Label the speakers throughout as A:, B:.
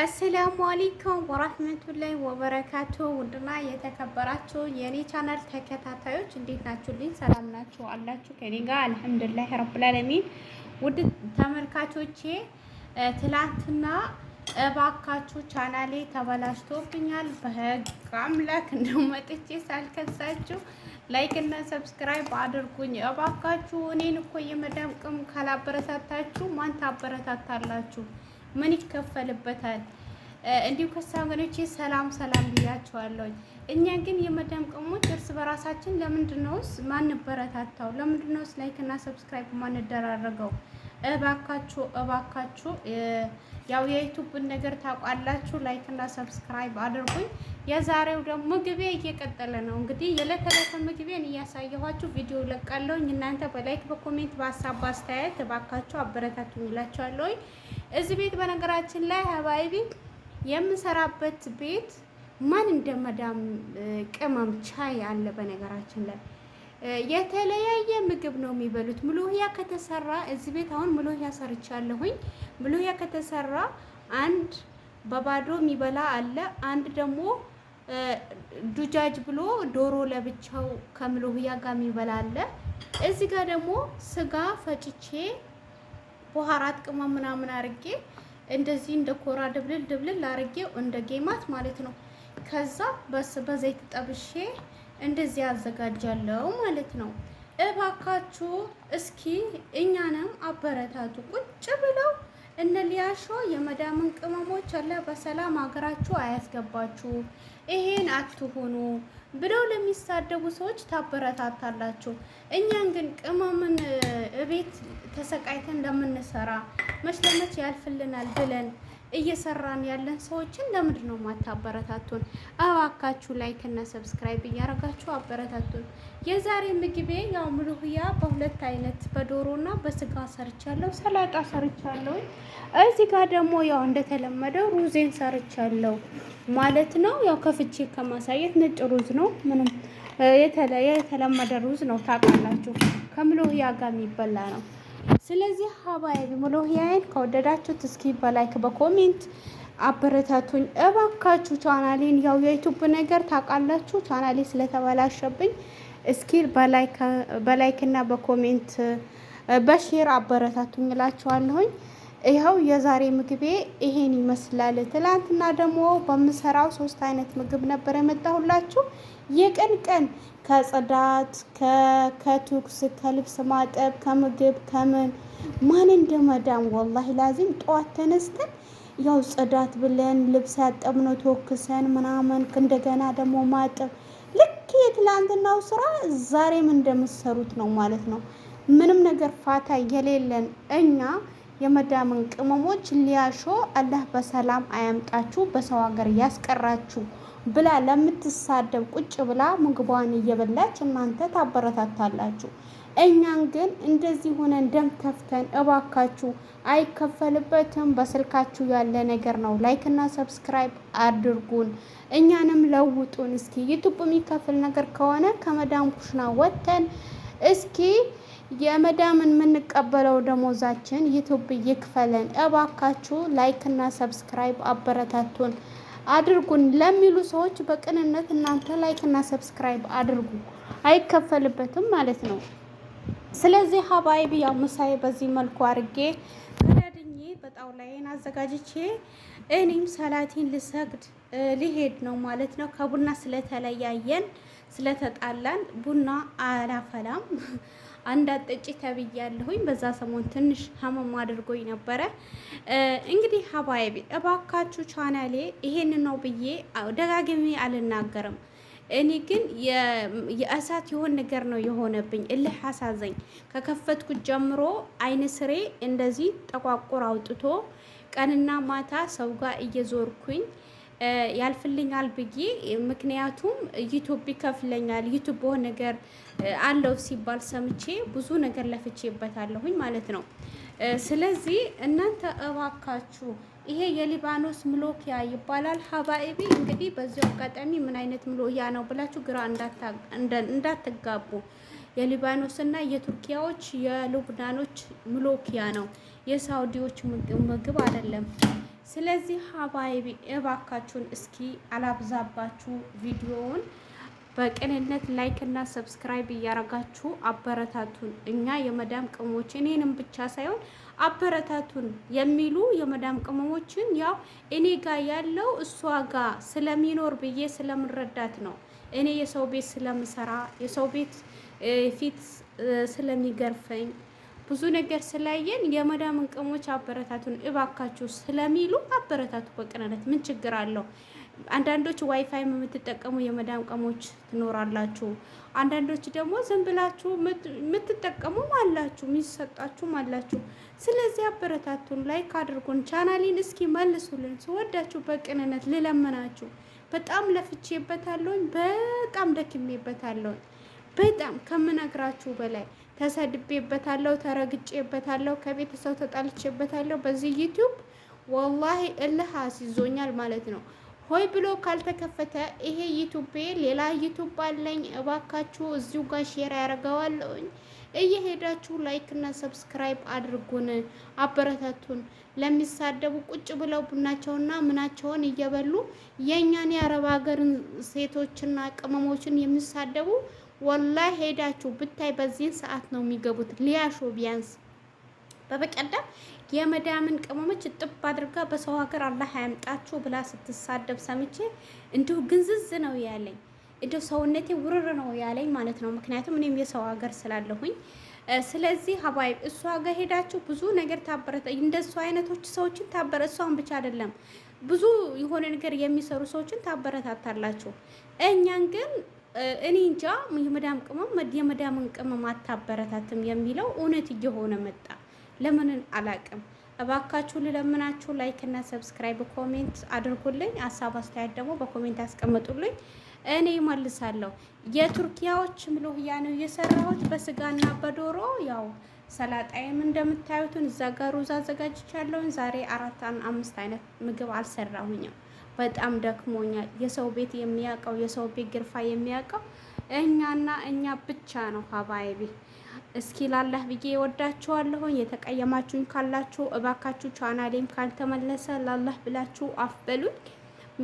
A: አሰላሙ አሌይኩም ወራህመቱላይ ወበረካቱ ውድና የተከበራችሁ የእኔ ቻናል ተከታታዮች እንዴት ናችሁልኝ? ሰላም ናችሁ አላችሁ? ከኔ ጋር አልሐምዱሊላህ ረብል ዓለሚን። ውድ ተመልካቾቼ ትላንትና እባካችሁ ቻናሌ ተበላሽቶብኛል፣ በህግ አምላክ እንደው ሳልከሳችሁ ላይክ እና ሰብስክራይብ አድርጉኝ እባካችሁ። እኔን እኮ የመዳም ካላበረታታችሁ ማን ታበረታታላችሁ? ምን ይከፈልበታል? እንዲሁ ከሳ ወገኖቼ ሰላም ሰላም ብያቸዋለሁ። እኛ ግን የመዳም ቅሞች እርስ በራሳችን ለምንድን ነውስ ማንበረታታው? ለምንድን ነውስ ላይክ እና ሰብስክራይብ ማንደራረገው? እባካችሁ እባካችሁ ያው የዩቱብን ነገር ታውቋላችሁ። ላይክ እና ሰብስክራይብ አድርጉኝ። የዛሬው ደግሞ ምግቤ እየቀጠለ ነው። እንግዲህ የዕለት ተዕለት ምግቤን እያሳየኋችሁ ቪዲዮ ለቃለሁኝ። እናንተ በላይክ በኮሜንት በሀሳብ አስተያየት እባካችሁ አበረታቱኝ እላችኋለሁኝ። እዚህ ቤት በነገራችን ላይ ሀባይቢ የምሰራበት ቤት ማን እንደ መዳም ቅመም ቻይ አለ። በነገራችን ላይ የተለያየ ምግብ ነው የሚበሉት። ምሎህያ ከተሰራ እዚህ ቤት አሁን ምሎህያ ሰርቻለሁኝ። ምሎህያ ከተሰራ አንድ በባዶ የሚበላ አለ። አንድ ደግሞ ዱጃጅ ብሎ ዶሮ ለብቻው ከምሎህያ ጋር የሚበላ አለ። እዚህ ጋር ደግሞ ስጋ ፈጭቼ ውሃ አራት ቅማ ምናምን አርጌ እንደዚህ እንደ ኮራ ድብልል ድብልል አርጌ እንደ ጌማት ማለት ነው። ከዛ በስ በዘይት ጠብሼ እንደዚህ አዘጋጃለሁ ማለት ነው። እባካችሁ እስኪ እኛንም አበረታቱ ቁጭ ብለው እነ ሊያሾ የመዳምን ቅመሞች አለ በሰላም ሀገራችሁ አያስገባችሁ፣ ይሄን አትሁኑ ብለው ለሚሳደቡ ሰዎች ታበረታታላችሁ። እኛን ግን ቅመምን እቤት ተሰቃይተን ለምንሰራ መች ለመች ያልፍልናል ብለን እየሰራን ያለን ሰዎችን ለምንድን ነው ማታበረታቱን? እባካችሁ ላይክ እና ሰብስክራይብ እያደረጋችሁ አበረታቱን። የዛሬ ምግቤ ያው ምሉህያ በሁለት አይነት በዶሮና በስጋ ሰርቻለሁ። ሰላጣ ሰርቻለሁ። እዚህ ጋር ደግሞ ያው እንደተለመደው ሩዜን ሰርቻለሁ ማለት ነው። ያው ከፍቼ ከማሳየት ነጭ ሩዝ ነው። ምንም የተለየ የተለመደ ሩዝ ነው። ታውቃላችሁ ከምሉህያ ጋር የሚበላ ነው። ስለዚህ ሀባይ ቢሞሎሂያን ከወደዳችሁት እስኪ በላይክ በኮሜንት አበረታቱኝ እባካችሁ። ቻናሌን ያው የዩቱብ ነገር ታውቃላችሁ፣ ቻናሌ ስለተበላሸብኝ እስኪ በላይክ እና በኮሜንት በሼር አበረታቱኝ እላችኋለሁኝ። ይኸው የዛሬ ምግቤ ይሄን ይመስላል። ትላንትና ደግሞ በምሰራው ሶስት አይነት ምግብ ነበር የመጣሁላችሁ። የቀን ቀን ከጽዳት ከቱክስ ከልብስ ማጠብ ከምግብ ከምን ማን እንደመዳም ወላሂ ላዚም ጠዋት ተነስተን ያው ጽዳት ብለን ልብስ ያጠብነው ተወክሰን ምናምን እንደገና ደግሞ ማጠብ ልክ የትላንትናው ስራ ዛሬም እንደምሰሩት ነው ማለት ነው። ምንም ነገር ፋታ የሌለን እኛ የመዳምን ቅመሞች ሊያሾ አላህ በሰላም አያምጣችሁ፣ በሰው ሀገር ያስቀራችሁ ብላ ለምትሳደብ ቁጭ ብላ ምግቧን እየበላች እናንተ ታበረታታላችሁ። እኛን ግን እንደዚህ ሆነን ደም ከፍተን እባካችሁ አይከፈልበትም። በስልካችሁ ያለ ነገር ነው። ላይክ እና ሰብስክራይብ አድርጉን፣ እኛንም ለውጡን። እስኪ ዩቱብ የሚከፍል ነገር ከሆነ ከመዳም ኩሽና ወጥተን እስኪ የመዳምን የምንቀበለው ደሞዛችን ዩቱብ ይክፈለን። እባካችሁ ላይክ እና ሰብስክራይብ አበረታቱን አድርጉን ለሚሉ ሰዎች በቅንነት እናንተ ላይክ እና ሰብስክራይብ አድርጉ። አይከፈልበትም ማለት ነው። ስለዚህ ሀባይቢ ያው ምሳዬ በዚህ መልኩ አድርጌ ረድኜ በጣውላዬን አዘጋጅቼ እኔም ሰላቴን ልሰግድ ሊሄድ ነው ማለት ነው ከቡና ስለተለያየን ስለተጣላን ቡና አላፈላም። አንድ አጠጪ ተብያለሁኝ። በዛ ሰሞን ትንሽ ህመም አድርጎኝ ነበረ። እንግዲህ ሀባይቢ እባካችሁ ቻናሌ ይሄን ነው ብዬ ደጋግሜ አልናገርም። እኔ ግን የእሳት የሆን ነገር ነው የሆነብኝ። እልህ አሳዘኝ። ከከፈትኩት ጀምሮ አይን ስሬ እንደዚህ ጠቋቁር አውጥቶ ቀንና ማታ ሰው ጋር እየዞርኩኝ ያልፍልኛል ብዬ ምክንያቱም ዩቱብ ይከፍለኛል ዩቱብ በሆነ ነገር አለው ሲባል ሰምቼ ብዙ ነገር ለፍቼበታለሁኝ ማለት ነው። ስለዚህ እናንተ እባካችሁ ይሄ የሊባኖስ ምሎኪያ ይባላል። ሀባይቢ እንግዲህ በዚያው አጋጣሚ ምን አይነት ምሎያ ነው ብላችሁ ግራ እንዳትጋቡ። የሊባኖስና የቱርኪያዎች የሉብናኖች ምሎኪያ ነው፣ የሳውዲዎች ምግብ አይደለም። ስለዚህ ሀባይቢ እባካችሁን እስኪ አላብዛባችሁ ቪዲዮውን በቅንነት ላይክ እና ሰብስክራይብ እያረጋችሁ አበረታቱን። እኛ የመዳም ቅመሞች እኔንም ብቻ ሳይሆን አበረታቱን የሚሉ የመዳም ቅመሞችን ያው እኔ ጋ ያለው እሷ ጋ ስለሚኖር ብዬ ስለምረዳት ነው። እኔ የሰው ቤት ስለምሰራ የሰው ቤት ፊት ስለሚገርፈኝ ብዙ ነገር ስላየን የመዳም ቅሞች አበረታቱን እባካችሁ ስለሚሉ አበረታቱ በቅንነት ምን ችግር አለው? አንዳንዶች ዋይፋይ የምትጠቀሙ የመዳም ቅሞች ትኖራላችሁ። አንዳንዶች ደግሞ ዝም ብላችሁ የምትጠቀሙም አላችሁ፣ የሚሰጣችሁም አላችሁ። ስለዚህ አበረታቱን፣ ላይክ አድርጉን፣ ቻናሊን እስኪ መልሱልን። ስወዳችሁ በቅንነት ልለምናችሁ። በጣም ለፍቼበታለሁኝ፣ በጣም ደክሜበታለሁኝ። በጣም ከምነግራችሁ በላይ ተሰድቤበታለሁ፣ ተረግጬበታለሁ፣ ከቤተሰብ ተጣልቼበታለሁ። በዚህ ዩቲዩብ ወላሂ እልህ አስይዞኛል ማለት ነው። ሆይ ብሎ ካልተከፈተ ይሄ ዩቱቤ ሌላ ዩቱብ አለኝ። እባካችሁ እዚሁ ጋር ሼር ያደርገዋለሁኝ። እየሄዳችሁ ላይክ እና ሰብስክራይብ አድርጉን፣ አበረታቱን። ለሚሳደቡ ቁጭ ብለው ቡናቸውና ምናቸውን እየበሉ የእኛን የአረብ ሀገርን ሴቶችና ቅመሞችን የሚሳደቡ ወላሂ ሄዳችሁ ብታይ በዚህን ሰዓት ነው የሚገቡት። ሊያሾ ቢያንስ በበቀደም የመዳምን ቅመሞች ጥብ አድርጋ በሰው ሀገር አላህ አያምጣችሁ ብላ ስትሳደብ ሰምቼ እንዲሁ ግንዝዝ ነው ያለኝ፣ እንዲሁ ሰውነቴ ውርር ነው ያለኝ ማለት ነው። ምክንያቱም እኔም የሰው ሀገር ስላለሁኝ ስለዚህ ሀባይ እሷ ጋር ሄዳችሁ ብዙ ነገር ታበረት እንደ አይነቶች ሰዎችን ታበረ እሷን ብቻ አይደለም ብዙ የሆነ ነገር የሚሰሩ ሰዎችን ታበረታታላችሁ። እኛን ግን እኔ እንጃ የመዳም ቅመም የመዳምን ቅመም አታበረታትም የሚለው እውነት እየሆነ መጣ። ለምንን አላቅም። እባካችሁ ልለምናችሁ ላይክ እና ሰብስክራይብ ኮሜንት አድርጉልኝ። ሀሳብ አስተያየት ደግሞ በኮሜንት አስቀምጡልኝ፣ እኔ መልሳለሁ። የቱርኪያዎች ምሎህያ ነው የሰራሁት በስጋና በዶሮ ያው ሰላጣይም እንደምታዩትን እዛ ጋር ሩዝ አዘጋጅቻለሁኝ። ዛሬ አራት አምስት አይነት ምግብ አልሰራሁኝም። በጣም ደክሞኛል። የሰው ቤት የሚያውቀው የሰው ቤት ግርፋ የሚያውቀው እኛና እኛ ብቻ ነው። ሀባይቤ እስኪ ላላህ ብዬ ወዳችኋለሁኝ። የተቀየማችሁኝ ካላችሁ እባካችሁ ቻናሌም ካልተመለሰ ላላህ ብላችሁ አፍበሉኝ።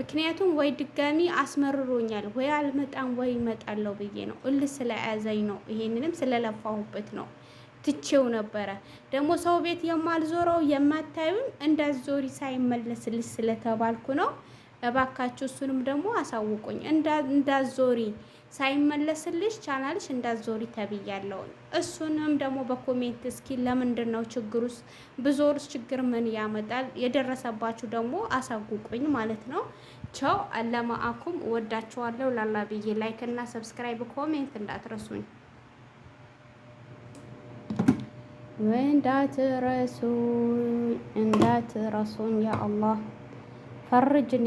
A: ምክንያቱም ወይ ድጋሚ አስመርሮኛል ወይ አልመጣም ወይ ይመጣለሁ ብዬ ነው። እልህ ስለያዘኝ ነው። ይሄንንም ስለለፋሁበት ነው። ትቼው ነበረ። ደግሞ ሰው ቤት የማልዞረው የማታዩን እንዳዞሪ ሳይመለስልሽ ስለተባልኩ ነው። እባካችሁ እሱንም ደግሞ አሳውቁኝ። እንዳዞሪ ሳይመለስልሽ ቻናልሽ እንዳዞሪ ተብያለውን። እሱንም ደግሞ በኮሜንት እስኪ ለምንድን ነው ችግሩስ? ብዙዎች ችግር ምን ያመጣል? የደረሰባችሁ ደግሞ አሳውቁኝ ማለት ነው። ቻው አለማአኩም ወዳችኋለሁ። ላላ ብዬ ላይክ እና ሰብስክራይብ ኮሜንት እንዳትረሱኝ። እንዳትረሱኝ እንዳትረሱኝ፣ ያ አላህ ፈርጅኒ